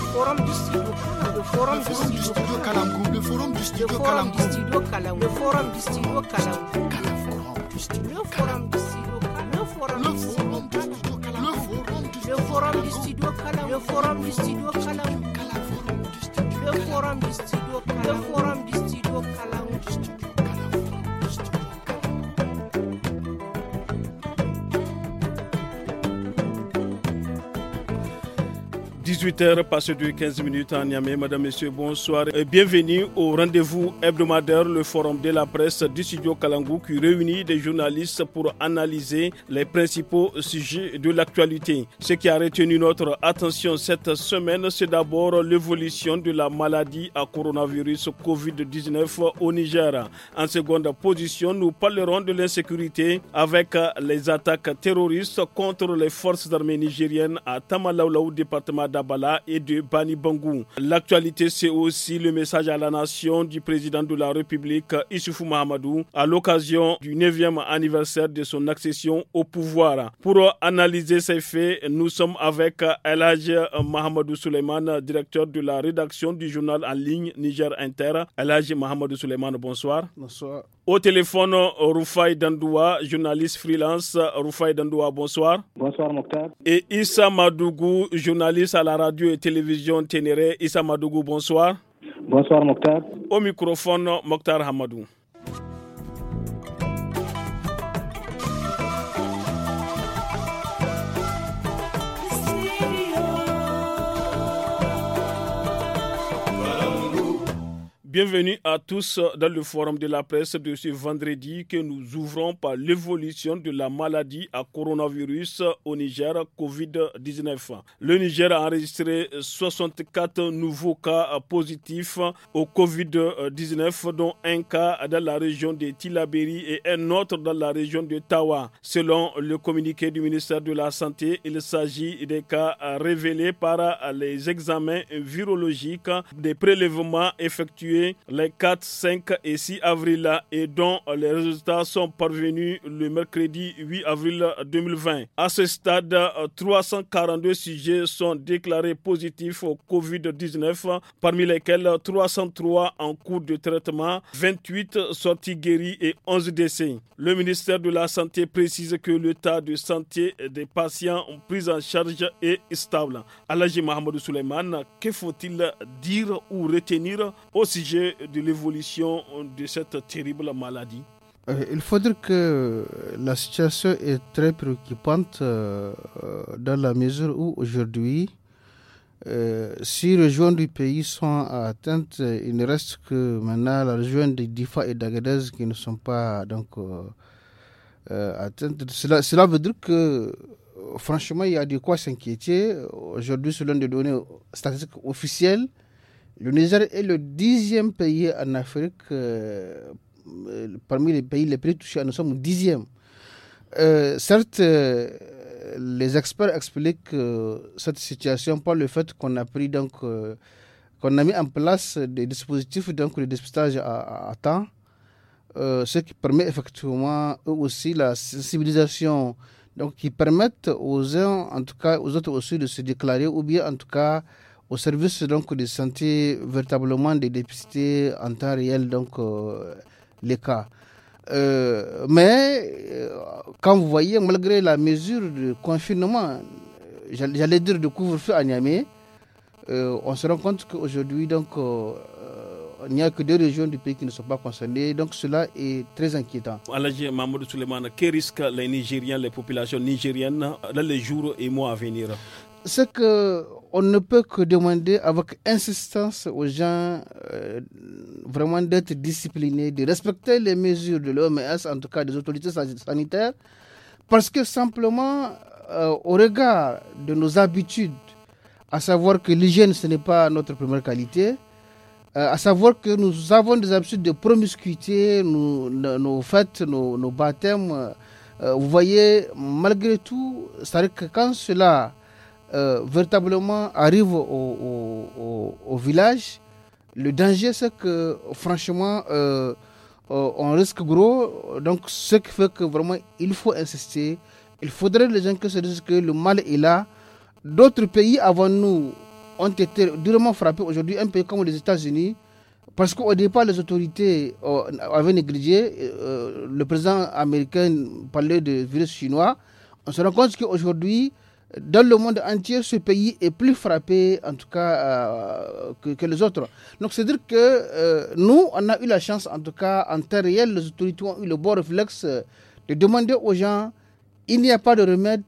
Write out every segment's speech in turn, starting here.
le forum du studio le forum du studio Kalam. le forum du studio le forum du studio le forum du studio le forum du studio le forum du studio le forum du studio le forum du studio le forum 18h, passé de 15 minutes à Niamey. Madame, Monsieur, bonsoir et bienvenue au rendez-vous hebdomadaire, le forum de la presse du studio Kalangou qui réunit des journalistes pour analyser les principaux sujets de l'actualité. Ce qui a retenu notre attention cette semaine, c'est d'abord l'évolution de la maladie à coronavirus Covid-19 au Niger. En seconde position, nous parlerons de l'insécurité avec les attaques terroristes contre les forces armées nigériennes à Tamalaoulaou, département d'Aba et de Bani Bangou. L'actualité, c'est aussi le message à la nation du président de la République, Issoufou Mahamadou, à l'occasion du 9e anniversaire de son accession au pouvoir. Pour analyser ces faits, nous sommes avec Elhaj Mahamadou Suleiman, directeur de la rédaction du journal en ligne Niger Inter. Elhaj Mahamadou Suleiman, bonsoir. Bonsoir. Au téléphone, Rufai Dandoua, journaliste freelance. Rufai Dandoua, bonsoir. Bonsoir, Mokhtar. Et Issa Madougou, journaliste à la radio et télévision Ténéré. Issa Madougou, bonsoir. Bonsoir, Mokhtar. Au microphone, Mokhtar Hamadou. Bienvenue à tous dans le forum de la presse de ce vendredi que nous ouvrons par l'évolution de la maladie à coronavirus au Niger COVID-19. Le Niger a enregistré 64 nouveaux cas positifs au COVID-19 dont un cas dans la région de Tilaberi et un autre dans la région de Tawa. Selon le communiqué du ministère de la Santé, il s'agit des cas révélés par les examens virologiques des prélèvements effectués les 4, 5 et 6 avril et dont les résultats sont parvenus le mercredi 8 avril 2020. À ce stade, 342 sujets sont déclarés positifs au Covid-19, parmi lesquels 303 en cours de traitement, 28 sorties guéries et 11 décès. Le ministère de la Santé précise que l'état de santé des patients pris en charge est stable. Alagi Mohamed Souleyman, que faut-il dire ou retenir au sujet de l'évolution de cette terrible maladie euh, il faudrait que la situation est très préoccupante euh, euh, dans la mesure où aujourd'hui, si les régions du pays sont atteintes, il ne reste que maintenant la région de Difa et d'Agadez qui ne sont pas donc, atteintes. Cela, cela veut dire que franchement, il y a de quoi s'inquiéter. Aujourd'hui, selon des données statistiques officielles, le Niger est le dixième pays en Afrique, euh, euh, parmi les pays les plus touchés, nous sommes dixième. Euh, certes, les experts expliquent cette situation par le fait qu'on a pris donc qu'on a mis en place des dispositifs donc de dépistage à, temps, ce qui permet effectivement eux aussi la sensibilisation, donc qui permettent aux uns, en tout cas aux autres aussi, de se déclarer ou bien en tout cas au service donc de santé véritablement de dépister en temps réel donc euh, les cas. Euh, mais euh, quand vous voyez, malgré la mesure de confinement, j'allais dire de couvre-feu à Niamey, on se rend compte qu'aujourd'hui, donc, il n'y a que deux régions du pays qui ne sont pas concernées. Donc cela est très inquiétant. Alagé Mahmoud Souleymane, que risquent les Nigériens, les populations nigériennes dans les jours et mois à venir ce que on ne peut que demander avec insistance aux gens euh, vraiment d'être disciplinés, de respecter les mesures de l'OMS, en tout cas des autorités sanitaires, parce que simplement, euh, au regard de nos habitudes, à savoir que l'hygiène, ce n'est pas notre première qualité, euh, à savoir que nous avons des habitudes de promiscuité, nos, fêtes, nos, nos baptêmes, vous voyez, malgré tout, c'est-à-dire que quand cela euh, véritablement arrive au, village, le danger c'est que franchement euh, euh, on risque gros. Donc ce qui fait que vraiment il faut insister. Il faudrait les gens que se disent que le mal est là. D'autres pays avant nous ont été durement frappés. Aujourd'hui, un pays comme les États-Unis, parce qu'au départ, les autorités avaient négligé. le président américain parlait de virus chinois. On se rend compte qu'aujourd'hui, dans le monde entier, ce pays est plus frappé, en tout cas, euh, que, les autres. Donc, c'est-à-dire que euh, nous, on a eu la chance, en tout cas, en temps réel, les autorités ont eu le bon réflexe euh, de demander aux gens il n'y a pas de remède,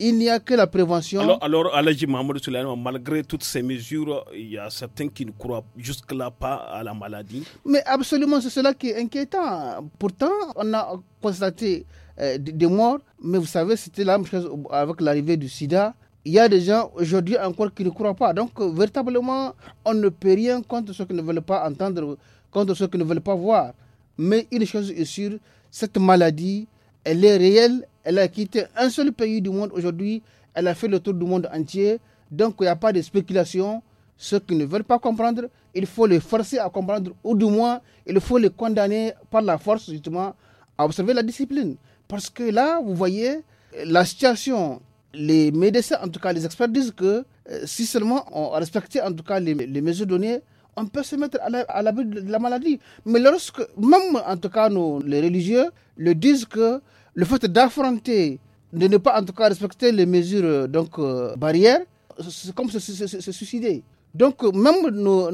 il n'y a que la prévention. Alors, Mahmoud malgré toutes ces mesures, il y a certains qui ne croient jusque-là pas à la maladie. Mais absolument, c'est cela qui est inquiétant. Pourtant, on a constaté euh, des morts. Mais vous savez, c'était la même chose avec l'arrivée du sida. Il y a des gens aujourd'hui encore qui ne croient pas. Donc, euh, véritablement, on ne peut rien contre ceux qui ne veulent pas entendre, contre ceux qui ne veulent pas voir. Mais une chose est sûre, cette maladie, elle est réelle. Elle a quitté un seul pays du monde aujourd'hui. Elle a fait le tour du monde entier. Donc, il n'y a pas de spéculation ceux qui ne veulent pas comprendre, il faut les forcer à comprendre, ou du moins, il faut les condamner par la force, justement, à observer la discipline. Parce que là, vous voyez, la situation, les médecins, en tout cas les experts, disent que euh, si seulement on respectait en tout cas les, mesures données, on peut se mettre à l'abri de la maladie. Mais lorsque, même en tout cas nous, les religieux, le disent que le fait d'affronter, de ne pas en tout cas respecter les mesures euh, donc euh, barrières, c'est comme se, suicider. Donc même nos,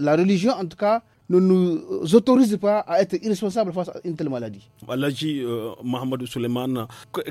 la religion en tout cas ne nous autorise pas à être irresponsables face à une telle maladie. Malaji euh, Mohamed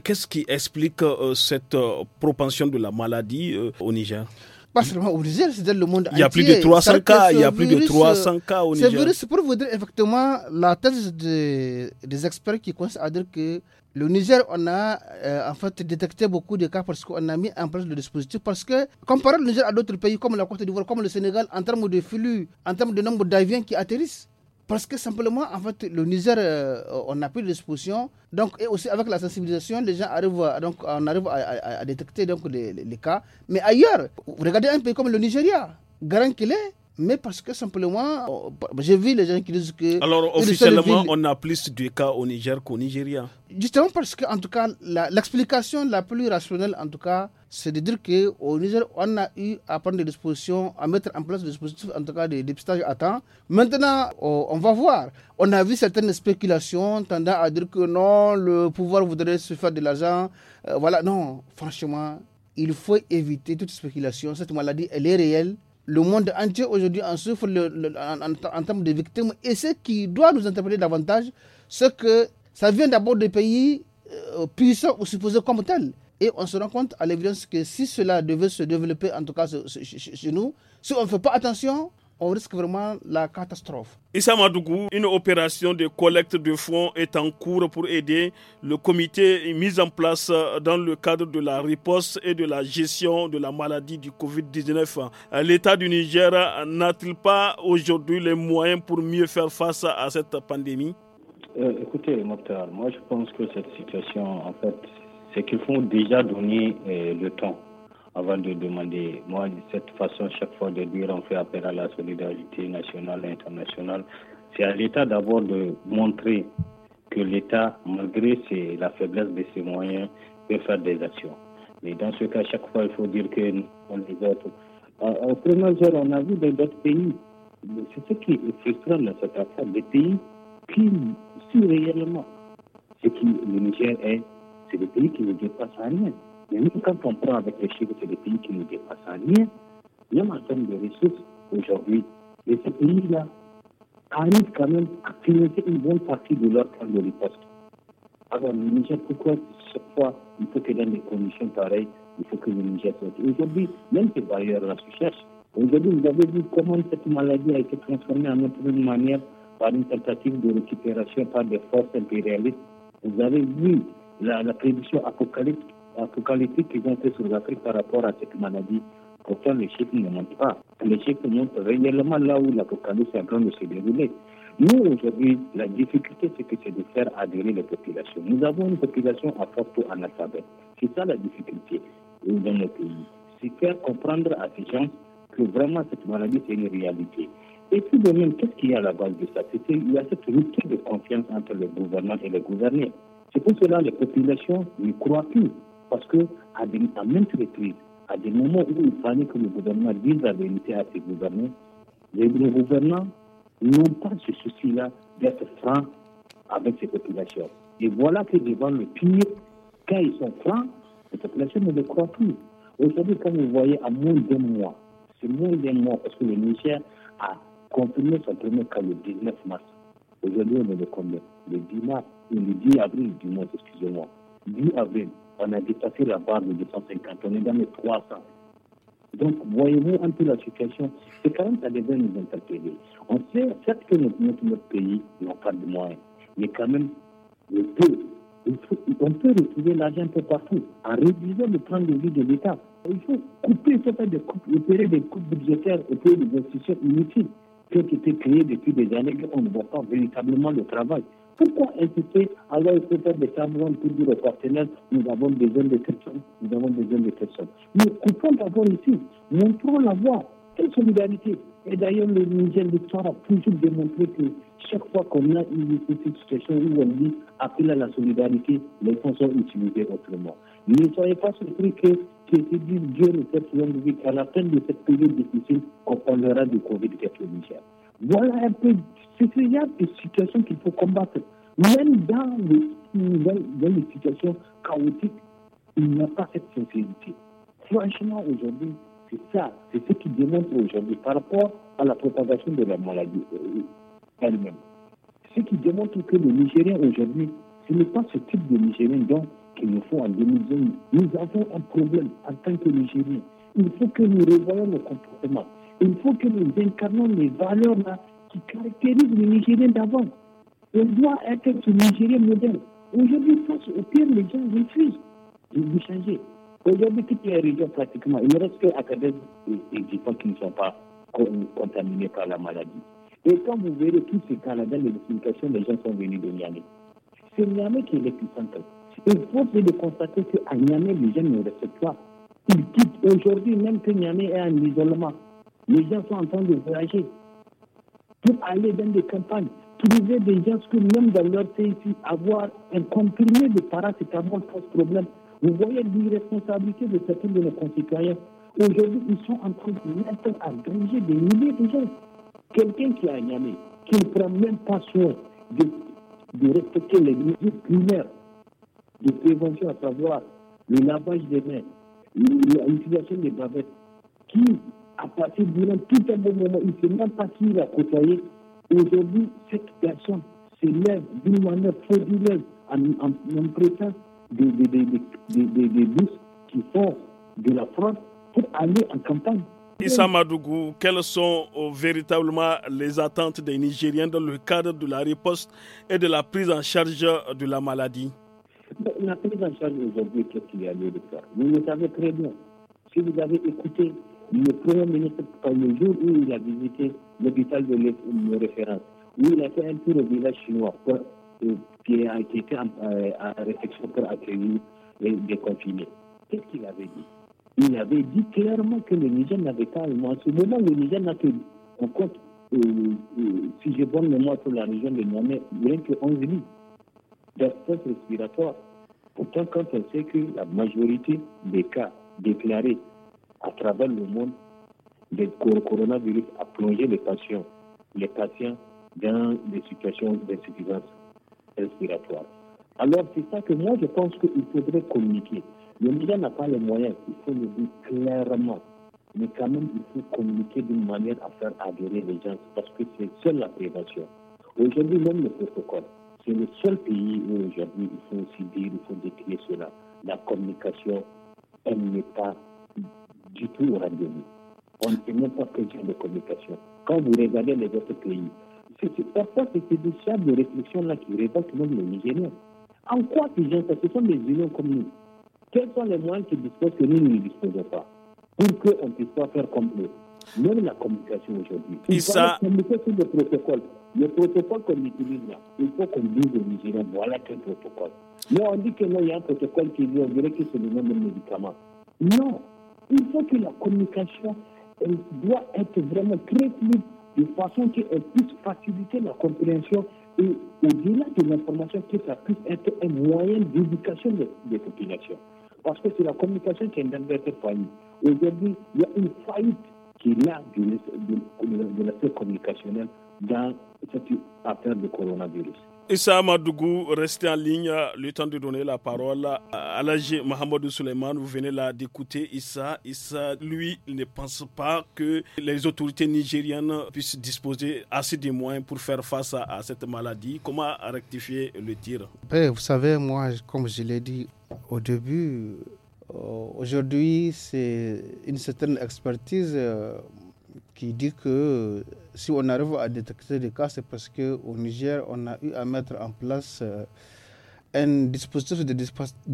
qu'est-ce qui explique euh, cette euh, propension de la maladie euh, au Niger pas seulement au Niger, c'est dans le monde entier. Il y a plus de 300 cas, il y a plus de 300 cas au Niger. C'est virus, pour vous dire effectivement, la thèse des, experts qui commencent à dire que le Niger, on a euh, en fait détecté beaucoup de cas parce qu'on a mis en place le dispositif. Parce que, comparé le Niger à d'autres pays comme la Côte d'Ivoire, comme le Sénégal, en termes de flux, en termes de nombre d'avions qui atterrissent, parce que simplement, en fait, le Niger, euh, on a pris des dispositions. Donc, et aussi avec la sensibilisation, les gens arrivent, à, donc, on arrive à, détecter donc, les, cas. Mais ailleurs, vous regardez un pays comme le Nigeria, grand qu'il est, mais parce que simplement, euh, j'ai vu les gens qui disent que. Alors, officiellement, on a plus de cas au Niger qu'au Nigeria. Justement, parce que, en tout cas, l'explication la, plus rationnelle, en tout cas, c'est de dire qu'au Niger, on a eu à prendre des dispositions, à mettre en place des dispositifs, en tout cas, des dépistages à temps. Maintenant, euh, on va voir. On a vu certaines spéculations tendant à dire que non, le pouvoir voudrait se faire de l'argent. Euh, voilà, non, franchement, il faut éviter toute spéculation. Cette maladie, elle est réelle le monde entier aujourd'hui en souffre en, termes de victimes. Et ce qui doit nous interpeller davantage, c'est que ça vient d'abord des pays euh, puissants ou supposés comme tels. Et on se rend compte à l'évidence que si cela devait se développer, en tout cas chez nous, si on ne fait pas attention, on risque vraiment la catastrophe. Issa Madougou, une opération de collecte de fonds est en cours pour aider le comité mis en place dans le cadre de la riposte et de la gestion de la maladie du Covid-19. L'État du Niger n'a-t-il pas aujourd'hui les moyens pour mieux faire face à cette pandémie euh, Écoutez, Mokhtar, moi je pense que cette situation, en fait, c'est qu'il faut déjà donner euh, le temps avant de demander. Moi, de cette façon, chaque fois de dire on fait appel à la solidarité nationale et internationale, c'est à l'État d'abord de montrer que l'État, malgré ses, la faiblesse de ses moyens, peut faire des actions. Mais dans ce cas, chaque fois, il faut dire que nous, les autres. Au premier on a vu dans d'autres pays. C'est ce qui est frustrant dans cette affaire, des pays qui si réellement ce qui le Niger est. C'est le pays qui ne dépassent rien. Mais nous, quand on prend avec les chiffres, c'est des pays qui nous dépassent en rien, même en termes de ressources, aujourd'hui, et ces pays-là arrivent quand même à financer une bonne partie de leur temps de riposte. Alors, le Niger, pourquoi chaque fois, il faut que dans des conditions pareilles, il faut que le Niger soit. Aujourd'hui, même ces barrières-là se Aujourd'hui, vous avez vu comment cette maladie a été transformée en autre manière par une tentative de récupération par des forces impérialistes. Vous avez vu la, la prédiction apocalyptique la que qu'ils ont fait sur l'Afrique par rapport à cette maladie, pourtant les chiffres ne montrent pas. Les chiffres montrent réellement là où la est en train de se dérouler. Nous, aujourd'hui, la difficulté, c'est que c'est de faire adhérer les populations. Nous avons une population à forte analphabète. C'est ça la difficulté dans nos pays. C'est faire comprendre à ces gens que vraiment cette maladie, c'est une réalité. Et puis de même, qu'est-ce qu'il y a à la base de ça C'est qu'il y a cette rupture de confiance entre le gouvernement et les gouvernés. C'est pour cela que les populations ne croient plus. Parce que à, des, à à des moments où il fallait que le gouvernement dise la vérité à ses gouvernants, les, les gouvernants n'ont pas ce souci-là d'être francs avec ces populations. Et voilà que devant le pire, quand ils sont francs, les populations ne le croient plus. Aujourd'hui, comme vous voyez, à moins d'un mois, c'est moins d'un mois parce que le Niger a confirmé son premier cas le 19 mars. Aujourd'hui, on est le combien Le 10 mars, le 10 avril, du mois, excusez-moi. 10 avril, on a dépassé la barre de 250, on est dans les 300. Donc, voyez-vous un peu la situation. C'est quand même, ça devait nous interpeller. On sait, certes que notre, pays n'a pas de moyens, mais quand même, on peut retrouver l'argent un peu partout en réduisant le plan de vie de l'État. Il faut couper, certains des coupes, opérer des coupes budgétaires, opérer des institutions inutiles qui ont été créées depuis des années. On ne voit pas véritablement le travail. Pourquoi insister alors il faut faire des tableaux pour dire aux partenaires nous avons besoin de cette somme, nous avons besoin de cette Nous coupons d'abord ici, montrons la voie. Quelle solidarité Et d'ailleurs, le Niger l'histoire a toujours démontré que chaque fois qu'on a une situation où on dit appel à la solidarité, les fonds sont utilisés autrement. Ne soyez pas surpris que se disent Dieu nous fait longue qu'à la fin de cette période difficile, on parlera du Covid-19 voilà un peu, il y a des situations qu'il faut combattre. Même dans les, situations chaotiques, il n'y a pas cette sincérité. Franchement, aujourd'hui, c'est ça, c'est ce qui démontre aujourd'hui par rapport à la propagation de la maladie euh, elle-même. Ce qui démontre que le Nigérien aujourd'hui, ce n'est pas ce type de Nigérien dont qu'il nous faut en 2020. Nous avons un problème en tant que Nigériens. Il faut que nous revoyions nos comportements. Il faut que nous incarnons les valeurs là, qui caractérisent le Nigérien d'avant. On doit être ce Nigérien modèle. Aujourd'hui, face au pire, les gens refusent de changer. Aujourd'hui, toutes les régions pratiquement, il ne reste qu'à cadrer des gens qui ne sont pas contaminés par la maladie. Et quand vous verrez tous ces cas-là les explications, les gens sont venus de Niamey. C'est Niamey qui est le plus Et Il faut de constater qu'à Niamey, les gens ne respectent pas. Ils quittent aujourd'hui, même que Niamey est en isolement les gens sont en train de voyager pour aller dans des campagnes, trouver des gens que même dans leur pays, avoir un comprimé de paracétamol pose problème. Vous voyez l'irresponsabilité de certains de nos concitoyens. Aujourd'hui, ils sont en train de mettre à danger des milliers de gens. Quelqu'un qui a gagné, qui ne prend même pas soin de, respecter les mesures primaires de prévention, à savoir le lavage des mains, l'utilisation des bavettes, qui à partir durant tout un bon moment, il ne sait même pas qui il a côtoyé. Aujourd'hui, cette personne lève, d'une manière frauduleuse en, en, en prêtant des, des, des, des, des bus qui font de la France pour aller en campagne. Issa Madougou, quelles sont euh, véritablement les attentes des Nigériens dans le cadre de la riposte et de la prise en charge euh, de la maladie La prise en charge aujourd'hui, qu'est-ce qu'il y a de faire Vous le savez très bien. Si vous avez écouté le Premier ministre, le jour où il a visité l'hôpital de, référence, où il a fait un tour au village chinois qui, a, été était en, euh, à, réflexion les Qu'est-ce qu'il avait dit Il avait dit clairement que le Niger n'avait pas, en ce moment, le Niger n'a que, on compte, euh, euh, si j'ai bonne mémoire sur la région de Niamey, rien que 11 000 d'asthèses respiratoire. Pourtant, quand on sait que la majorité des cas déclarés à travers le monde, le coronavirus a plongé les patients, les patients dans des situations d'insuffisance respiratoire. Alors, c'est ça que moi, je pense qu'il faudrait communiquer. Le média n'a pas les moyens, il faut le dire clairement. Mais quand même, il faut communiquer d'une manière à faire adhérer les gens, parce que c'est seule la prévention. Aujourd'hui, même le protocole, c'est le seul pays où aujourd'hui, il faut aussi dire, il faut décrire cela. La communication, elle n'est pas du tout au rendez-vous. On pas pas quel genre de communication. Quand vous regardez les autres pays, c'est parfois c'est des genre de réflexion-là qui que même les Nigériens. En quoi tu ont ça Ce sont des unions comme nous. Quels sont les moyens qui disposent que nous, ne disposons pas pour qu'on ne puisse pas faire comme eux Même la communication aujourd'hui. Il faut ça... communiquer sur protocole. Le protocole qu'on utilise là, il faut qu'on dise aux Nigériens, voilà quel protocole. Mais on dit que non, il y a un protocole qui dit, on dirait que c'est le même médicament. Non, il faut que la communication elle doit être vraiment très de façon qu'elle puisse faciliter la compréhension et au-delà de l'information, que ça puisse être un moyen d'éducation des, populations. Parce que c'est la communication qui est dans cette faillite. Aujourd'hui, il y a une faillite qui est là de, communicationnel dans cette affaire de coronavirus. Issa Madougou, restez en ligne, le temps de donner la parole à l'AG Mohamed Souleymane. Vous venez là d'écouter Issa. Issa, lui, ne pense pas que les autorités nigériennes puissent disposer assez de moyens pour faire face à, cette maladie. Comment rectifier le tir Vous savez, moi, comme je l'ai dit au début, euh, aujourd'hui, c'est une certaine expertise. Euh, qui dit que si on arrive à détecter des cas, c'est parce qu'au Niger, on a eu à mettre en place euh, un dispositif de,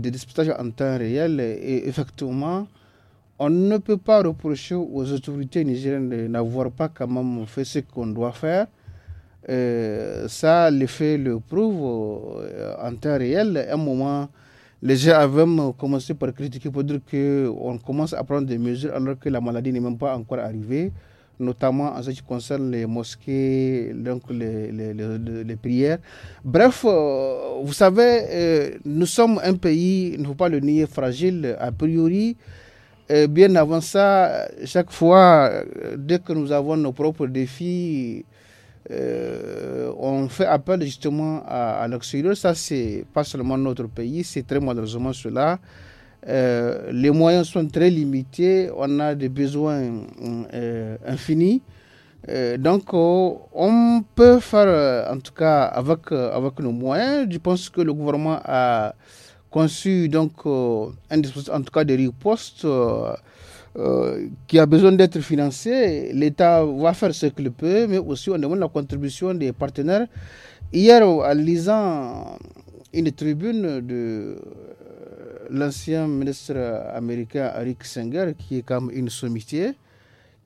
dispatch en temps réel. Et effectivement, on ne peut pas reprocher aux autorités nigériennes de n'avoir pas quand même fait ce qu'on doit faire. Euh, ça, les faits le prouve euh, en temps réel. À un moment, les gens avaient commencé par critiquer pour dire qu'on commence à prendre des mesures alors que la maladie n'est même pas encore arrivée notamment en ce qui concerne les mosquées, donc les, les, prières. Bref, euh, vous savez, euh, nous sommes un pays, il ne faut pas le nier, fragile a priori. bien avant ça, chaque fois, euh, dès que nous avons nos propres défis, on fait appel justement à, à l'extérieur. Ça, c'est pas seulement notre pays, c'est très malheureusement cela. Euh, les moyens sont très limités, on a des besoins euh, euh, infinis. donc, on peut faire, en tout cas, avec, avec nos moyens. Je pense que le gouvernement a conçu donc, un dispositif, en tout cas, de riposte qui a besoin d'être financé. L'État va faire ce qu'il peut, mais aussi on demande la contribution des partenaires. Hier, en lisant une tribune de l'ancien ministre américain Eric Singer, qui est comme une sommité,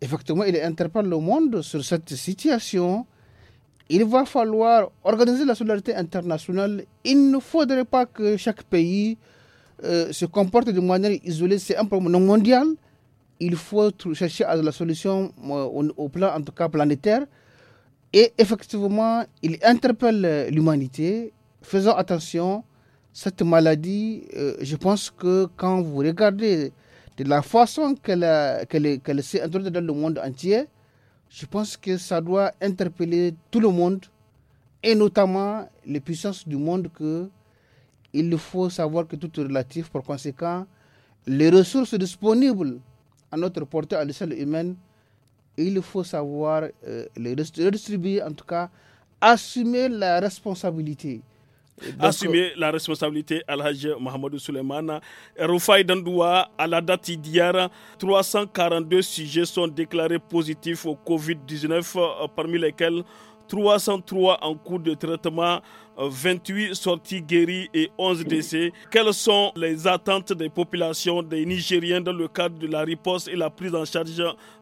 effectivement, il interpelle le monde sur cette situation. Il va falloir organiser la solidarité internationale. Il ne faudrait pas que chaque pays euh, se comporte de manière isolée. C'est un problème non mondial. Il faut chercher à la solution euh, au, au plan, en tout cas planétaire. Et effectivement, il interpelle l'humanité. Faisons attention cette maladie, euh, je pense que quand vous regardez de la façon qu'elle s'est introduite dans le monde entier, je pense que ça doit interpeller tout le monde, et notamment les puissances du monde que il faut savoir que tout est relatif. Par conséquent, les ressources disponibles à notre portée à l'échelle humaine, il faut savoir euh, les redistribuer, en tout cas, assumer la responsabilité assumer la responsabilité Al-Hajj Mohamedou Souleymane. Rufai Dandoua, à la date d'hier, 342 sujets sont déclarés positifs au Covid-19, euh, parmi lesquels 303 en cours de traitement, 28 sorties guéries et 11 décès. Quelles sont les attentes des populations des Nigériens dans le cadre de la riposte et la prise en charge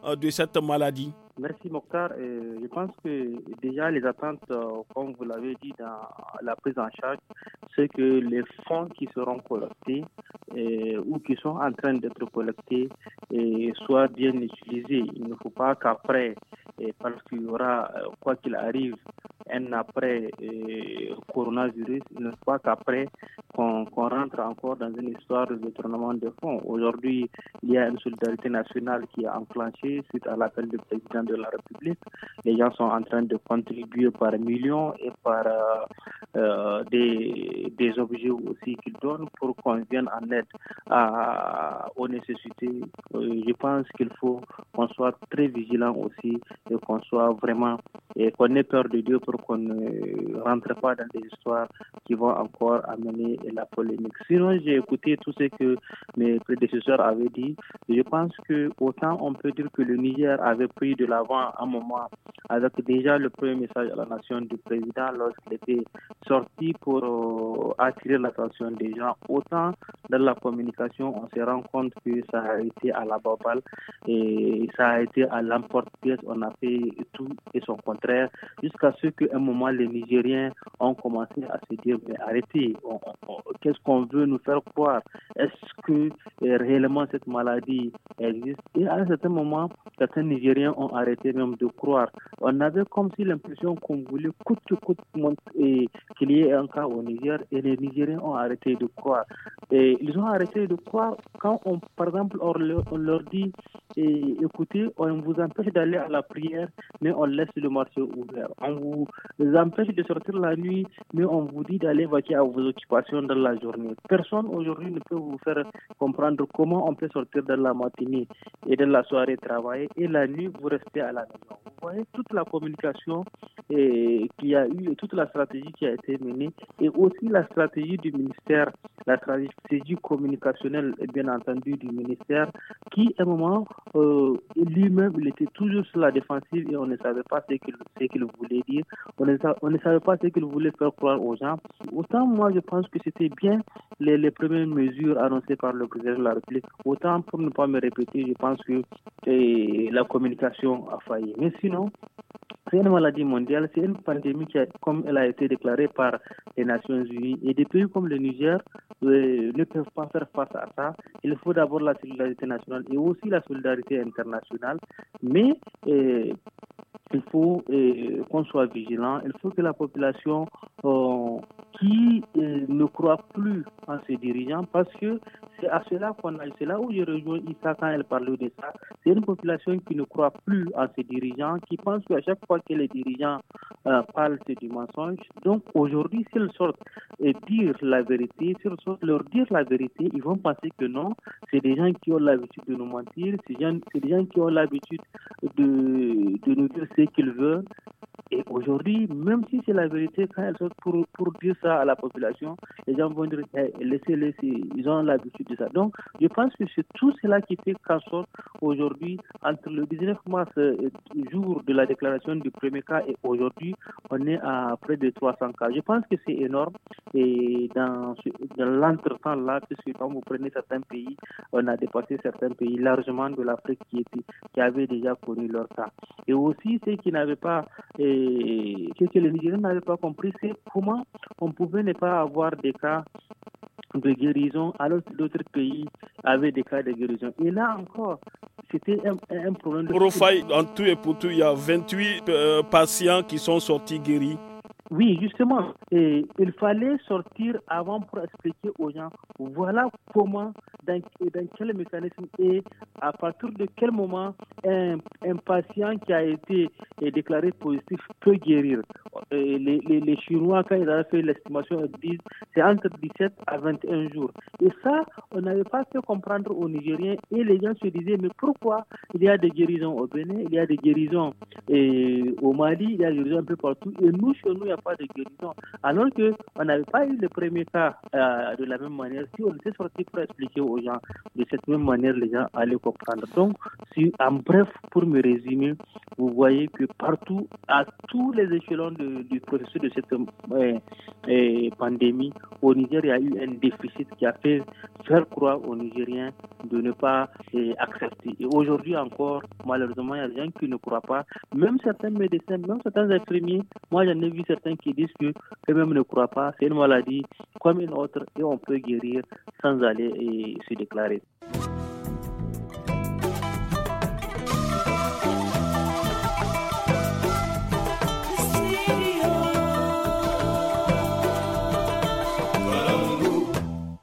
euh, de cette maladie Merci Mokhtar. Euh, je pense que déjà les attentes, euh, comme vous l'avez dit dans la prise en charge, c'est que les fonds qui seront collectés ou qui sont en train d'être collectés soient bien utilisés. Il ne faut pas qu'après, parce qu'il y aura, quoi qu'il arrive, un après coronavirus, il ne faut qu'après qu'on rentre encore dans une histoire de détournement de fonds. Aujourd'hui, il y a une solidarité nationale qui est enclenchée suite à l'appel du président de la République. Les gens sont en train de contribuer par millions et par euh, euh, des, objets aussi qu'ils donnent pour qu'on vienne en aide aux nécessités. Euh, je pense qu'il faut qu'on soit très vigilant aussi et qu'on soit vraiment et qu'on ait peur de Dieu pour qu'on ne rentre pas dans des histoires qui vont encore amener la polémique. Sinon, j'ai écouté tout ce que mes prédécesseurs avaient dit. Je pense que autant on peut dire que le Niger avait pris de l'avant un moment avec déjà le premier message à la nation du président lorsqu'il était sorti pour euh, attirer l'attention des gens. Autant dans la communication, on se rend compte que ça a été à la Bobale et ça a été à l'importe pièce On a fait tout et son contraire jusqu'à ce qu'un un moment les Nigériens ont commencé à se dire, mais arrêtez, qu'est-ce qu'on veut nous faire croire Est-ce que euh, réellement cette maladie existe Et à un certain moment, certains Nigériens ont arrêté même de croire. On avait comme si l'impression qu'on voulait coûte coûte et qu'il y ait un cas au Niger et les Nigériens ont arrêté de croire. Et ils ont arrêté de croire quand, on, par exemple, on leur, dit, écoutez, on vous empêche d'aller à la prière, mais on laisse le marché ouvert. On vous empêche de sortir la nuit, mais on vous dit d'aller vaquer à vos occupations dans la journée. Personne aujourd'hui ne peut vous faire comprendre comment on peut sortir de la matinée et de la soirée travailler et la nuit vous restez à la maison. Vous voyez toute la communication eh, qu'il y a eu toute la stratégie qui a été menée et aussi la stratégie du ministère, la stratégie communicationnelle bien entendu du ministère qui à un moment euh, lui-même il était toujours sur la défensive et on ne savait pas ce qu'il qu'il voulait dire, on on ne savait pas ce qu'il voulait faire croire aux gens. Autant moi, je pense que c'était bien les, premières mesures annoncées par le président de la République. Autant, pour ne pas me répéter, je pense que eh, la communication a failli. Mais sinon, c'est une maladie mondiale, c'est une pandémie qui, comme elle a été déclarée par les Nations Unies, et des pays comme le Niger eh, ne peuvent pas faire face à ça. Il faut d'abord la solidarité nationale et aussi la solidarité internationale. Mais eh, il faut euh, qu'on soit vigilant, il faut que la population euh, qui euh, ne croit plus en ses dirigeants, parce que c'est à cela qu'on a, c'est là où je rejoins Issa quand elle parle de ça. C'est une population qui ne croit plus à ses dirigeants, qui pense qu'à chaque fois que les dirigeants euh, parlent, c'est du mensonge. Donc aujourd'hui, s'ils sortent et dire la vérité, s'ils sortent leur dire la vérité, ils vont penser que non, c'est des gens qui ont l'habitude de nous mentir, c'est des, gens qui ont l'habitude de, nous dire ce qu'ils veulent. Et aujourd'hui, même si c'est la vérité, quand elles sortent pour, dire ça à la population, les gens vont dire, eh, laissez-les, ils ont l'habitude ça. Donc, je pense que c'est tout cela qui fait qu'en sorte aujourd'hui, entre le 19 mars, euh, jour de la déclaration du premier cas, et aujourd'hui, on est à près de 300 cas. Je pense que c'est énorme. Et dans, dans l'entretemps-là, puisque quand vous prenez certains pays, on a dépassé certains pays largement de l'Afrique qui, était, qui avait déjà connu leur cas. Et aussi, ceux qui n'avaient pas, euh, ce que les Nigériens n'avaient pas compris, c'est comment on pouvait ne pas avoir des cas de guérison alors que pays avaient des cas de guérison. Et là encore, c'était un, problème. De... Pour en tout et pour tout, il y a 28 euh, patients qui sont sortis guéris. Oui, justement, il fallait sortir avant pour expliquer aux gens, voilà comment, dans, quel mécanisme et à partir de quel moment un, un patient qui a été euh, déclaré positif peut guérir. Euh, les, les, Chinois, quand ils avaient fait l'estimation, ils disent c'est entre 17 à 21 jours. Et ça, on n'avait pas fait comprendre aux Nigériens et les gens se disaient, mais pourquoi il y a des guérisons au Bénin, il y a des guérisons et euh, au Mali, il y a des guérisons un peu partout et nous, chez nous, pas de guérison. Alors qu'on n'avait pas eu le premier cas euh, de la même manière. Si on était sorti pour expliquer aux gens de cette même manière, les gens allaient comprendre. Donc, si, en bref, pour me résumer, vous voyez que partout, à tous les échelons du, processus de cette euh, euh, pandémie, au Niger, il y a eu un déficit qui a fait faire croire aux Nigériens de ne pas accepter. Et aujourd'hui encore, malheureusement, il y a des gens qui ne croient pas. Même certains médecins, même certains infirmiers, moi j'en ai vu certains qui disent que eux-mêmes ne croient pas, c'est une maladie comme une autre et on peut guérir sans aller se déclarer.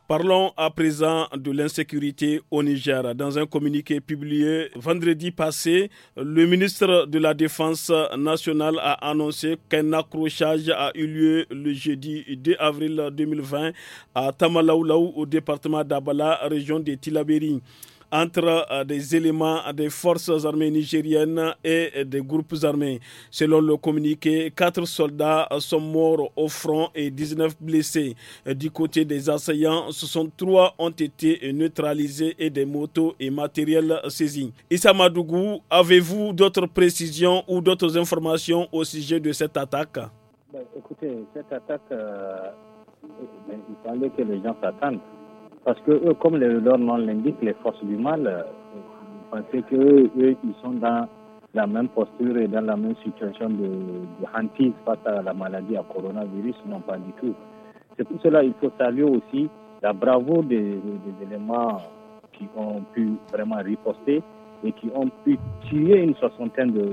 Parlons à présent de l'insécurité au Niger. Dans un communiqué publié vendredi passé, le ministre de la Défense nationale a annoncé qu'un accrochage a eu lieu le jeudi 2 avril 2020 à Tamalaoulaou au département d'Abala, région de Tillabéri entre euh, des éléments euh, des forces armées nigériennes et euh, des groupes armés. Selon le communiqué, quatre soldats sont morts au front et 19 blessés. Du côté des assaillants, 63 ont été neutralisés et des motos et matériels saisis. Issa Madougou, avez-vous d'autres précisions ou d'autres informations au sujet de cette attaque ben, Écoutez, cette attaque, il fallait que les gens s'attendent parce que comme leur nom l'indique, les forces du mal, euh, vous pensez qu'eux, ils sont dans la même posture et dans la même situation de, hantise face à la maladie à coronavirus Non, pas du tout. C'est pour cela qu'il faut saluer aussi la bravoure des, éléments qui ont pu vraiment riposter et qui ont pu tuer une soixantaine de,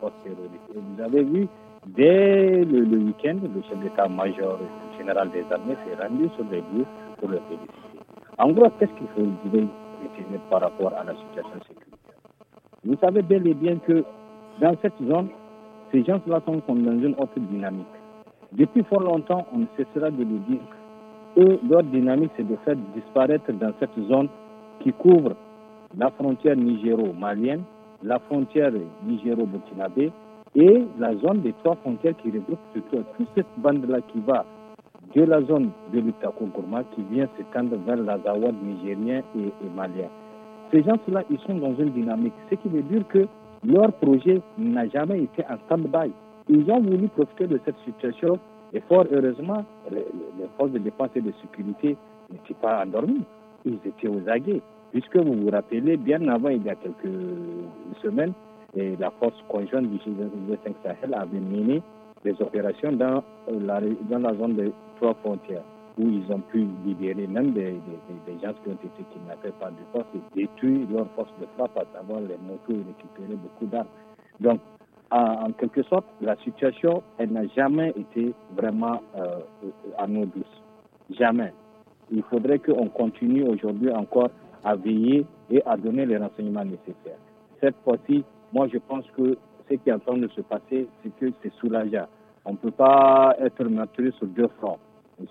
forces terroristes. vous avez vu, dès le, week-end, le chef d'état-major général des armées s'est rendu sur les lieux pour le féliciter. En gros, qu'est-ce qu'il faut dire par rapport à la situation sécuritaire Vous savez bel et bien que dans cette zone, ces gens-là sont dans une autre dynamique. Depuis fort longtemps, on ne cessera de le dire. Eux, leur dynamique, c'est de faire disparaître dans cette zone qui couvre la frontière nigéro-malienne, la frontière nigéro-burkinabé et la zone des trois frontières qui regroupe surtout toute cette bande-là qui va de la zone de lutah Kourma qui vient s'étendre vers l'Azawad nigérien et, et malien. Ces gens-là, ils sont dans une dynamique, ce qui veut dire que leur projet n'a jamais été en stand-by. Ils ont voulu profiter de cette situation et fort heureusement, les, forces de défense et de sécurité n'étaient pas endormies. Ils étaient aux aguets. Puisque vous vous rappelez, bien avant, il y a quelques semaines, la force conjointe du G5 Sahel avait mené des opérations dans la, dans la zone des trois frontières où ils ont pu libérer même des, des, gens qui ont été n'avaient pas de force et détruire leur force de frappe à savoir les motos et récupérer beaucoup d'armes. Donc, en quelque sorte, la situation, elle n'a jamais été vraiment euh, à Jamais. Il faudrait qu'on continue aujourd'hui encore à veiller et à donner les renseignements nécessaires. Cette fois-ci, moi, je pense que ce qui est en train de se passer, c'est que c'est soulageant. On ne peut pas être naturel sur deux fronts,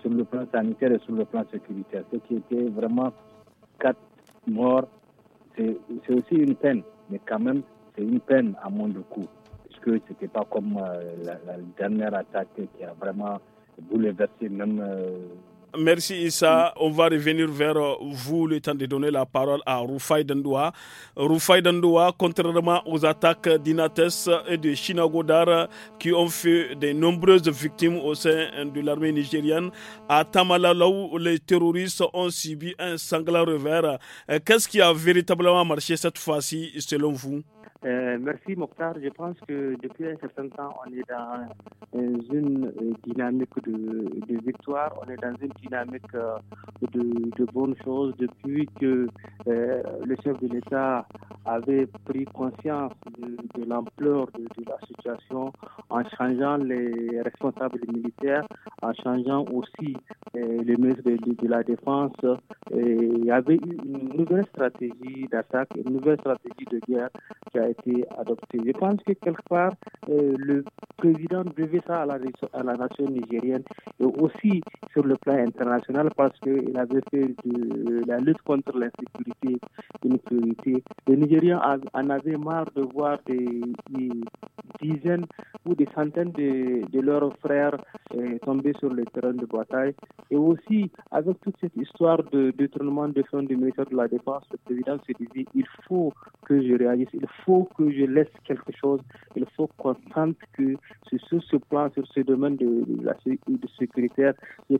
sur le plan sanitaire et sur le plan sécuritaire. Ce qui était vraiment quatre morts, c'est aussi une peine, mais quand même, c'est une peine à moins de coups. Parce que ce n'était pas comme euh, la, dernière attaque qui a vraiment bouleversé même euh, Merci Issa. On va revenir vers euh, vous le temps de donner la parole à Rufai Dandoua. Rufai Dandoua, contrairement aux attaques d'Inates et de Shinagodar qui ont fait de nombreuses victimes au sein de l'armée nigériane, à où les terroristes ont subi un sanglant revers. Qu'est-ce qui a véritablement marché cette fois-ci selon vous? Euh, merci Mokhtar. Je pense que depuis un certain temps, on est dans euh, une euh, dynamique de, victoire, on est dans une dynamique de, bonnes choses depuis que le chef de l'État avait pris conscience de, l'ampleur de, la situation en changeant les responsables militaires, en changeant aussi les ministres de, la Défense. Et il y avait une nouvelle stratégie d'attaque, une nouvelle stratégie de guerre qui a été adopté. Je pense que quelque part, euh, le président devait ça à la, nation nigérienne et aussi sur le plan international parce qu'il avait fait de, euh, la lutte contre l'insécurité une priorité. Les Nigériens en avaient marre de voir des, dizaines ou des centaines de, leurs frères euh, tomber sur le terrain de bataille. Et aussi, avec toute cette histoire de détournement de fonds du ministère de la Défense, le président se dit il faut que je réagisse, il faut que je laisse quelque chose. Il faut qu'on sente que sur ce plan, sur ce domaine de, la de je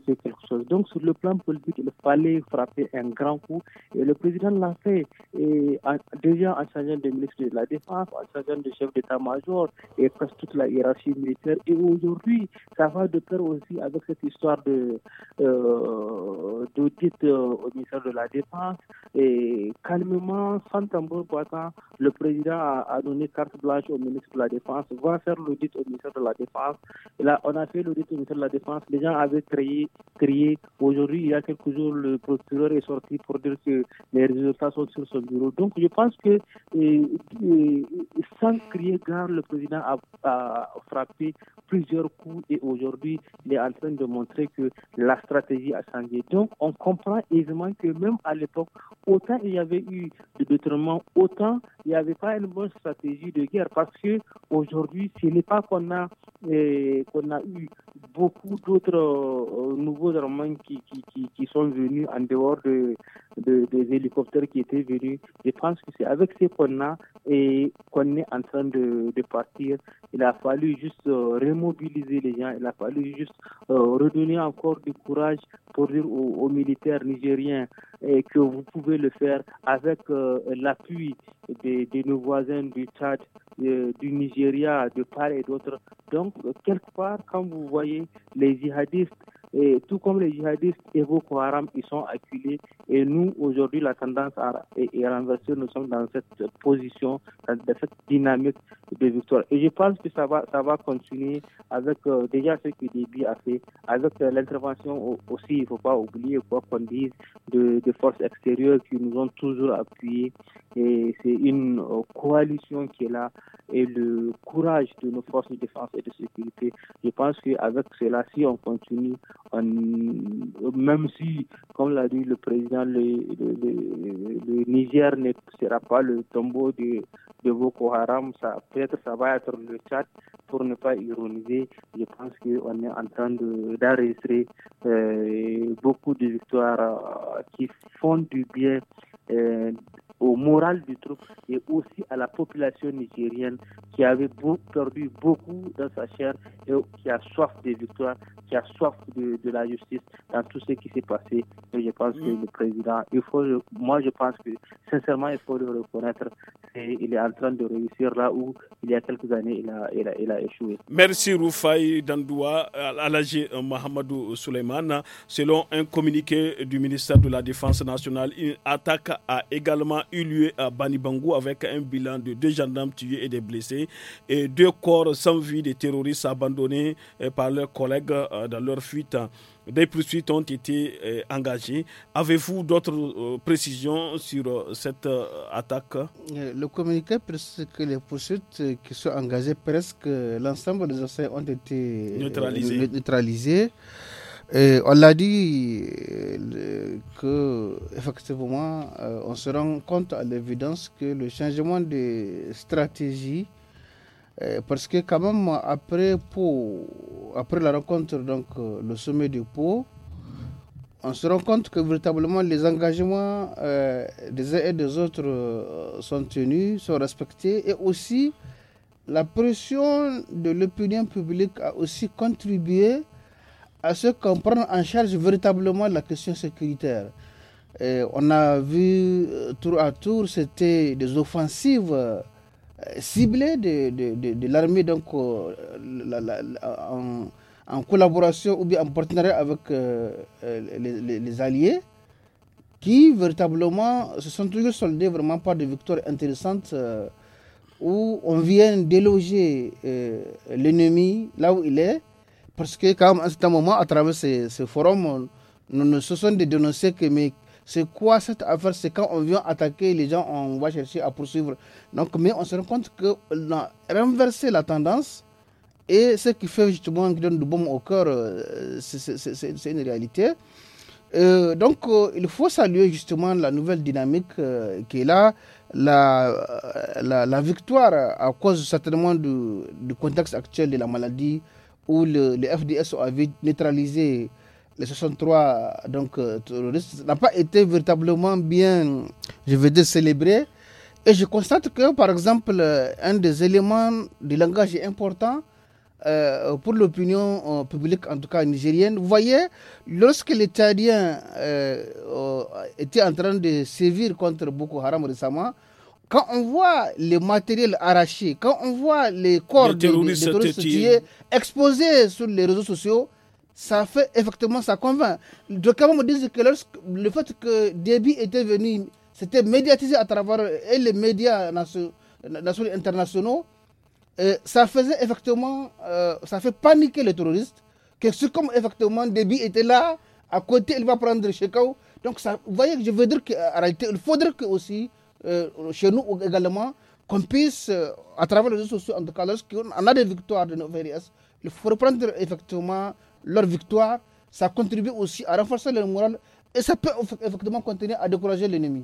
fais quelque chose. Donc, sur le plan politique, il fallait frapper un grand coup. Et le président l'a fait. Et déjà en changeant de ministre de la Défense, en changeant de chef d'état-major et presque toute la hiérarchie militaire. Et aujourd'hui, ça va de pair aussi avec cette histoire de euh, d'audit euh, au ministère de la Défense. Et calmement, sans tambour le président a a, donné carte blanche au ministre de la Défense, va faire l'audit au ministère de la Défense. là, on a fait l'audit au ministère de la Défense. Les gens avaient crié, crié. Aujourd'hui, il y a quelques jours, le procureur est sorti pour dire que les résultats sont sur son bureau. Donc, je pense que euh, euh, sans crier gare, le président a, frappé plusieurs coups et aujourd'hui, il est en train de montrer que la stratégie a changé. Donc, on comprend aisément que même à l'époque, autant il y avait eu de détournement, autant il n'y avait pas une stratégie de guerre parce que aujourd'hui, ce n'est pas qu'on a, euh, qu'on a eu beaucoup d'autres euh, nouveaux armements qui, qui, sont venus en dehors de, des hélicoptères qui étaient venus. Je pense que c'est avec ces points et qu'on est en train de, partir. Il a fallu juste euh, remobiliser les gens, il a fallu juste euh, redonner encore du courage pour dire aux, militaires nigériens et que vous pouvez le faire avec euh, l'appui de, nos voisins du Tchad, du Nigeria, de part et d'autre. Donc, quelque part, quand vous voyez les jihadistes et tout comme les djihadistes et Haram, ils sont acculés. Et nous, aujourd'hui, la tendance est renversée. Nous sommes dans cette position, dans cette dynamique de victoire. Et je pense que ça va, ça va continuer avec euh, déjà ce que Déby a fait, avec euh, l'intervention aussi, il ne faut pas oublier quoi qu'on dise, des forces extérieures qui nous ont toujours appuyés et c'est une euh, coalition qui est là et le courage de nos forces de défense et de sécurité. Je pense qu'avec cela, si on continue, euh, même si, comme l'a dit le président, le, Niger ne sera pas le tombeau de, de Boko Haram, peut-être ça va être le chat, pour ne pas ironiser. Je pense qu'on est en train d'enregistrer euh, beaucoup de victoires qui font du bien au moral du troupe et aussi à la population nigérienne qui avait perdu beaucoup dans sa chair et qui a soif de victoires, qui a soif de, la justice dans tout ce qui s'est passé. Et je pense que mm. le président, il faut, moi je pense que sincèrement, il faut le reconnaître. il est en train de réussir là où il y a quelques années, il a, il a, échoué. Merci Roufaï Dandoua, Alagé euh, Mohamedou Souleymane. Selon un communiqué du ministère de la Défense nationale, une attaque a également eu lieu à Banibangou avec un bilan de deux gendarmes tués et des blessés et deux corps sans vie des terroristes abandonnés euh, par leurs collègues euh, dans leur fuite. Des poursuites ont été euh, engagées. Avez-vous d'autres précisions sur cette attaque Le communiqué précise que les poursuites qui sont engagées, presque l'ensemble des assaillants ont été neutralisés. Eh, on l'a dit euh, que effectivement, euh, on se rend compte à l'évidence que le changement de stratégie, eh, parce que quand même après après la rencontre donc euh, le sommet de Pau, on se rend compte que véritablement les engagements des uns et des autres sont tenus, sont respectés, et aussi la pression de l'opinion publique a aussi contribué à ce qu'on prenne en charge véritablement la question sécuritaire. on a vu euh, tour à tour, c'était des offensives euh, ciblées de, l'armée donc euh, en, collaboration ou bien en partenariat avec les, alliés qui véritablement se sont toujours soldés vraiment par des victoires intéressantes où on vient déloger l'ennemi là où il est parce que quand à un certain moment, à travers ce, ce forum, nous nous sommes de dénoncer que mais c'est quoi cette affaire C'est quand on vient attaquer les gens, on va chercher à poursuivre. Donc, mais on se rend compte que a renversé la tendance. Et ce qui fait justement qui donne du baume au cœur, euh, c'est une réalité. Euh, donc, euh, il faut saluer justement la nouvelle dynamique qui est là, la, la, victoire à cause certainement du contexte actuel de la maladie où le, FDS avait neutralisé les 63 donc, euh, terroristes, n'a pas été véritablement bien, je vais dire, célébré. Et je constate que, par exemple, euh, un des éléments du langage important euh, pour l'opinion publique, en tout cas nigérienne, vous voyez, lorsque les Tchadiens étaient en train de sévir contre Boko Haram récemment, quand on voit les matériels arrachés, quand on voit les corps des terroristes, des, terroristes exposés sur les réseaux sociaux, ça fait effectivement, ça convainc. Donc, quand me disent que le fait que Déby était venu, c'était médiatisé à travers les médias nationaux, internationaux, ça faisait effectivement, euh, ça fait paniquer les terroristes, que c'est comme effectivement Déby était là, à côté, il va prendre Chekao. Donc, ça, vous voyez, je veux dire qu'en réalité, il faudrait que aussi euh, chez nous également, qu'on puisse, euh, à travers les réseaux sociaux, en tout cas, lorsqu'on a des victoires de nos VRS, il faut reprendre effectivement leur victoire. Ça contribue aussi à renforcer leur moral et ça peut effectivement continuer à décourager l'ennemi.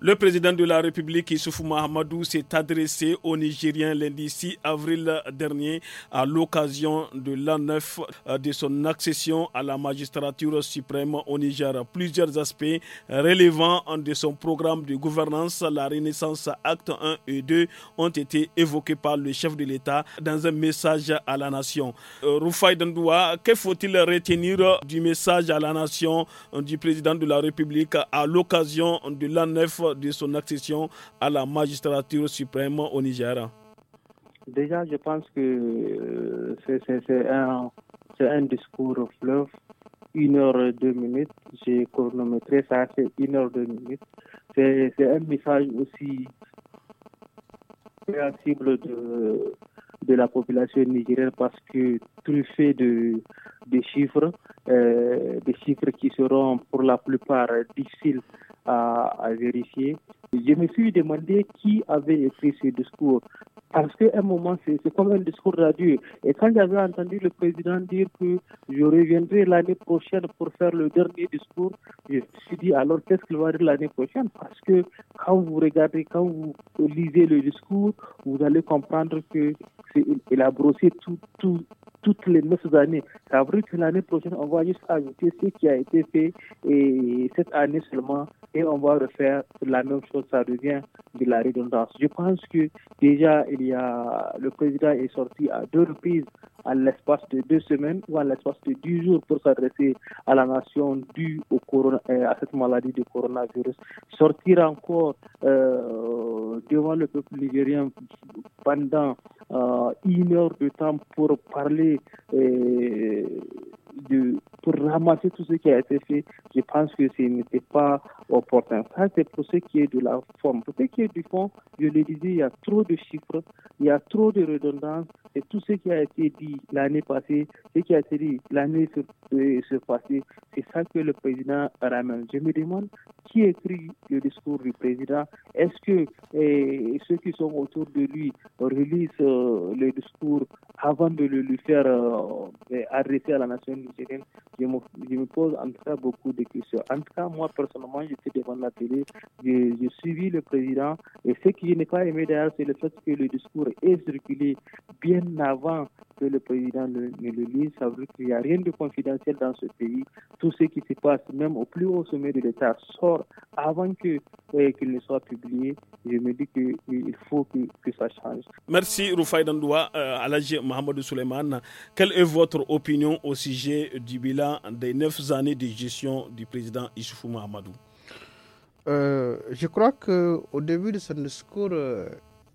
Le président de la République, Issoufou Mahamadou, s'est adressé aux Nigériens lundi 6 avril dernier à l'occasion de l'an 9 euh, de son accession à la magistrature suprême au Niger. Plusieurs aspects relevant de son programme de gouvernance, la Renaissance Acte 1 et 2, ont été évoqués par le chef de l'État dans un message à la nation. Euh, Rufai que faut-il retenir du message à la nation du président de la République à l'occasion de 9 de son accession à la magistrature suprême au Niger Déjà, je pense que euh, c'est un, discours fleuve une heure deux minutes. J'ai chronométré ça, c'est une heure deux minutes. C'est un message aussi sensible de, la population nigérienne parce que truffé de, de chiffres, euh, des chiffres qui seront pour la plupart difficiles à, vérifier. Je me suis demandé qui avait écrit ce discours. Parce qu'à un moment, c'est comme un discours radieux. Et quand j'avais entendu le président dire que je reviendrai l'année prochaine pour faire le dernier discours, je me suis dit alors qu'est-ce qu'il va dire l'année prochaine Parce que quand vous regardez, quand vous lisez le discours, vous allez comprendre que il a brossé tout, tout, toutes les neuf années. Ça veut dire que l'année prochaine, on va juste ajouter ce qui a été fait et cette année seulement et on va refaire la même chose. Ça devient de la redondance. Je pense que déjà, il y a, le président est sorti à deux reprises à l'espace de deux semaines ou à l'espace de dix jours pour s'adresser à la nation due au corona, euh, à cette maladie du coronavirus. Sortir encore euh, devant le peuple nigérien pendant euh, une heure de temps pour parler de de, pour ramasser tout ce qui a été fait, je pense que ce n'était pas opportun. Ça, c'est pour ce qui est de la forme. Pour ce qui est du fond, je le disais, il y a trop de chiffres, il y a trop de redondances, et tout ce qui a été dit l'année passée, ce qui a été dit l'année se, euh, passée, c'est ça que le président ramène. Je me demande qui écrit le discours du président. Est-ce que euh, ceux qui sont autour de lui relisent euh, le discours avant de le lui faire adresser à la nation je me, pose en tout cas beaucoup de questions. En tout cas, moi personnellement, j'étais devant la télé, j'ai suivi le président et ce qui je pas aimé d'ailleurs, c'est le fait que le discours est circulé bien avant que le président ne le, lise. Ça veut dire qu'il n'y a rien de confidentiel dans ce pays. Tout ce qui se passe, même au plus haut sommet de l'État, sort avant que euh, qu'il ne soit publié. Je me dis qu'il euh, faut que, ça change. Merci Rufai Dandoua, euh, Alagé Mohamed Souleymane. Quelle est votre opinion au sujet du bilan des neuf années de gestion du président Issoufou Mahamadou euh, Je crois qu'au début de son discours, euh,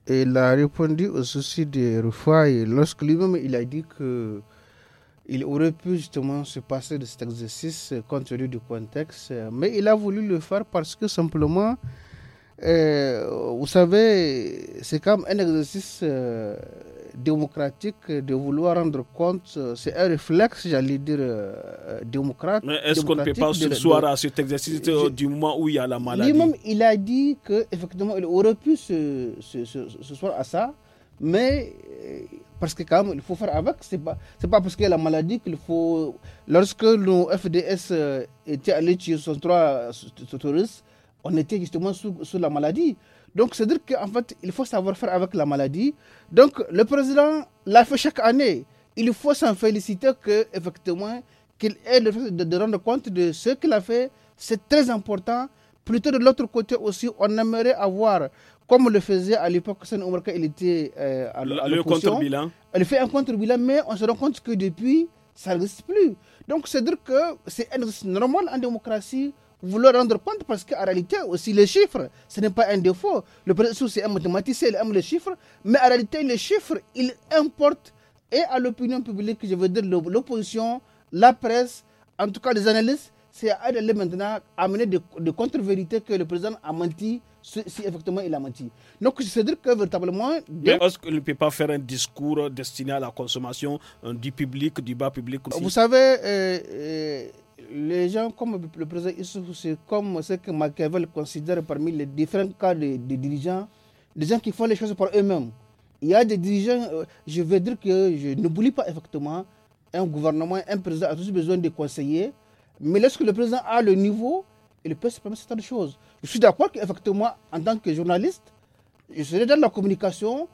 il a répondu au souci de Rufai lorsque lui-même il a dit que il aurait pu justement se passer de cet exercice compte tenu du contexte, mais il a voulu le faire parce que simplement, euh, vous savez, c'est comme un exercice démocratique euh, de vouloir rendre compte, euh, c'est un réflexe, j'allais dire, euh, démocrate. Mais est-ce qu'on ne peut pas soir à cet exercice du moment où il y a la maladie il a dit qu'effectivement, il aurait pu se, soir à ça, mais parce que quand même, il faut faire avec. C'est pas, c'est pas parce qu'il y a la maladie qu'il faut. Lorsque le FDS était allé son trois terroristes, on était justement sous, sous la maladie. Donc, c'est-à-dire qu'en fait, il faut savoir faire avec la maladie. Donc, le président l'a fait chaque année. Il faut s'en féliciter que, effectivement, qu'il ait le fait de, rendre compte de ce qu'il a fait. C'est très important. Plutôt de l'autre côté aussi, on aimerait avoir, comme le faisait à l'époque Omar il était euh, à, le contre-bilan. Il fait un contre-bilan, mais on se rend compte que depuis, ça n'existe plus. Donc, c'est-à-dire que c'est normal en démocratie vous rendre compte parce qu'en réalité, aussi les chiffres, ce n'est pas un défaut. Le président, c'est un mathématicien, il aime les chiffres, mais en réalité, les chiffres, ils importent et à l'opinion publique, je veux dire l'opposition, la presse, en tout cas les analystes, c'est à aller maintenant amener des, contre-vérités que le président a menti si, effectivement il a menti. Donc c'est dire que véritablement... Mais est-ce qu'il ne peut pas faire un discours destiné à la consommation du public, du bas public Vous savez... Euh, euh, les gens comme le président c'est comme ce que Machiavel considère parmi les différents cas des dirigeants, les gens qui font les choses par eux-mêmes. Il y a des dirigeants, euh, je veux dire que je n'oublie pas effectivement un gouvernement, un président a toujours besoin de conseillers, mais lorsque le président a le niveau, il peut se permettre certaines choses. Je suis d'accord qu'effectivement, en tant que journaliste, je serai dans la communication,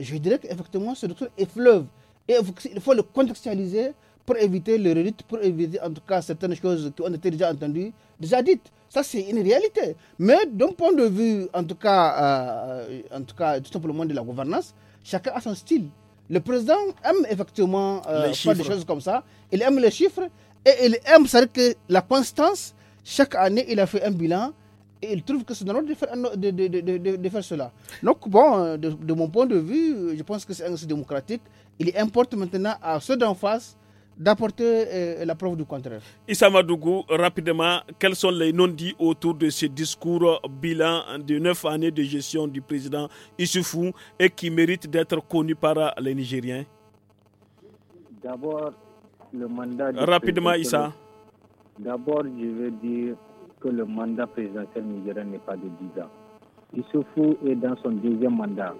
je dirais qu'effectivement, ce docteur est fleuve. Et il faut le contextualiser pour éviter le redite, pour éviter en tout cas certaines choses qui ont été déjà entendues, déjà dites. Ça, c'est une réalité. Mais d'un point de vue, en tout cas, euh, en tout cas, tout simplement de la gouvernance, chacun a son style. Le président aime effectivement euh, faire des choses comme ça. Il aime les chiffres et il aime, c'est-à-dire que la constance, chaque année, il a fait un bilan et il trouve que c'est normal de faire, de, de, de faire, cela. Donc, bon, euh, de, mon point de vue, je pense que c'est un démocratique. Il importe maintenant à ceux d'en face d'apporter euh, la preuve du contraire. Issa Madougou, rapidement, quels sont les non-dits autour de ce discours bilan de neuf années de gestion du président Issoufou et qui mérite d'être connu par les Nigériens D'abord, le mandat. Rapidement, Issa. D'abord, je veux dire que le mandat présidentiel nigérien n'est pas de 10 ans. Issoufou est dans son deuxième mandat.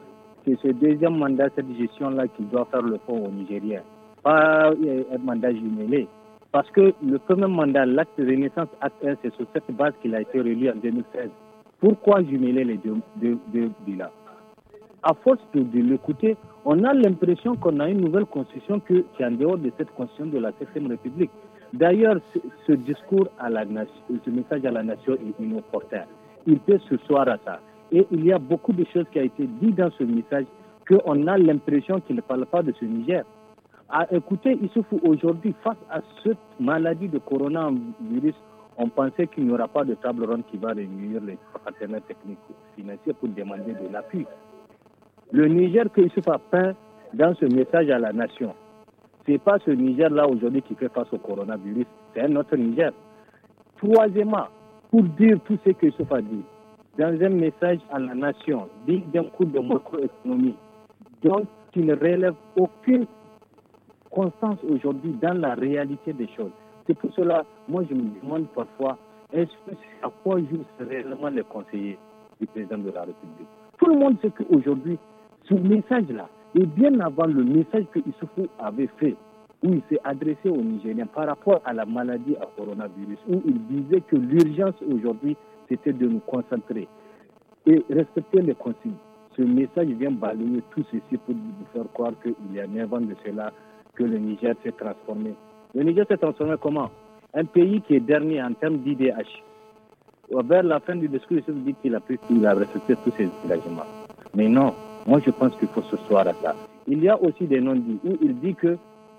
C'est ce deuxième mandat, cette gestion-là, qui doit faire le fond aux Nigériens pas euh, un mandat jumelé. Parce que le premier mandat, l'acte de Renaissance Acte 1, c'est sur cette base qu'il a été relu en 2016. Pourquoi jumeler les deux, de bilans À force de, l'écouter, on a l'impression qu'on a une nouvelle constitution qui est en dehors de cette constitution de la 7ème République. D'ailleurs, ce, discours à la nation, ce message à la nation est inopportun. Il peut se soir à ça. Et il y a beaucoup de choses qui ont été dites dans ce message qu'on a l'impression qu'il ne parle pas de ce Niger à ah, écouter Issoufou aujourd'hui face à cette maladie de coronavirus, on pensait qu'il n'y aura pas de table ronde qui va réunir les partenaires techniques financiers pour demander de l'appui. Le Niger que Issoufou a peint dans ce message à la nation, ce n'est pas ce Niger-là aujourd'hui qui fait face au coronavirus, c'est un autre Niger. Troisièmement, pour dire tout ce que Issoufou a dit, dans un message à la nation, dit d'un coup de macroéconomie, donc qui ne relève aucune constance aujourd'hui dans la réalité des choses. C'est pour cela, moi, je me demande parfois, est-ce que à quoi jouent réellement les conseillers du président de la République Tout le monde sait qu'aujourd'hui, ce message-là, et bien avant le message que Issoufou avait fait, où il s'est adressé aux Nigériens par rapport à la maladie à coronavirus, où il disait que l'urgence aujourd'hui, c'était de nous concentrer et respecter les consignes. Ce message vient balayer tout ceci pour vous faire croire qu'il y a 9 ans de cela, que le Niger s'est transformé. Le Niger s'est transformé comment Un pays qui est dernier en termes d'IDH. Vers la fin du discours, il dit qu'il a, respecté tous ses engagements. Mais non, moi je pense qu'il faut se soir à ça. Il y a aussi des non-dits où il dit que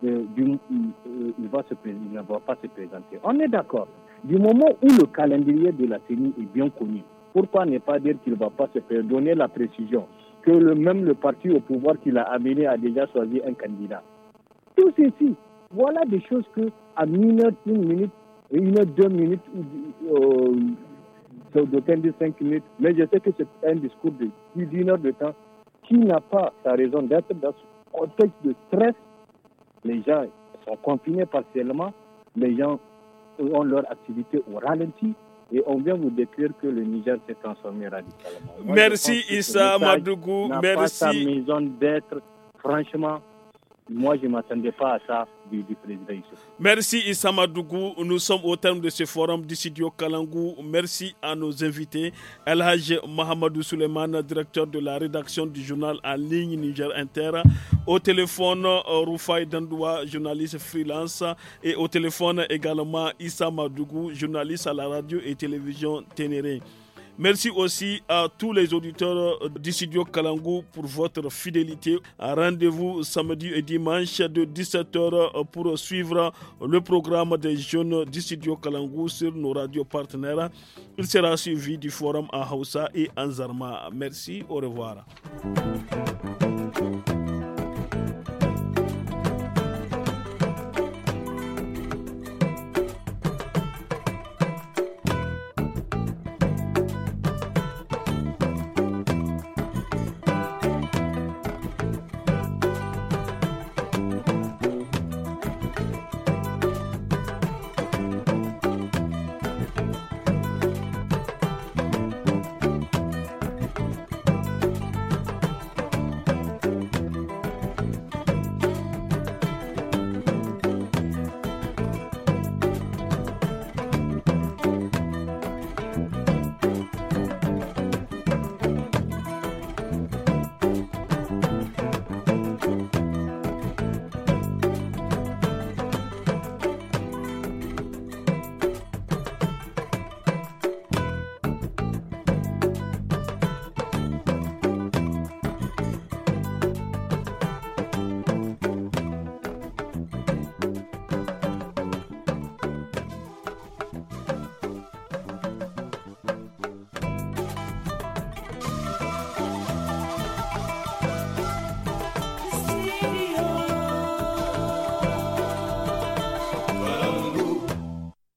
euh, euh, il, va ne va pas se présenter. On est d'accord. Du moment où le calendrier de la CENI est bien connu, pourquoi ne pas dire qu'il ne va pas se faire donner la précision que le, même le parti au pouvoir qui a amené a déjà choisi un candidat tout ceci, voilà des choses que à une heure, une minute, une heure, deux minutes, ça euh, doit minutes, mais je sais que c'est un discours de 10, d'une de temps qui n'a pas sa raison d'être dans ce contexte de stress. Les gens sont confinés partiellement, les gens ont leur activité au ralenti, et on vient vous décrire que le Niger s'est transformé radicalement. merci Issa Madougou, merci. Pas sa maison d'être, franchement, moi, je ne m'attendais pas à ça du, président Merci Issa Madougou. Nous sommes au terme de ce forum du Kalangou. Merci à nos invités. El Haj Mohamedou Souleymane, directeur de la rédaction du journal en ligne Niger Inter. Au téléphone, euh, Roufaï Dandoua, journaliste freelance. Et au téléphone également Issa Madougou, journaliste à la radio et télévision Ténéré. Merci aussi à tous les auditeurs euh, d'Issidio studio Kalangou pour votre fidélité. Rendez-vous samedi et dimanche de 17h euh, pour suivre le programme des jeunes du studio Kalangou sur nos radios partenaires. Il sera suivi du forum à Hausa et Anzarma. Merci, au revoir.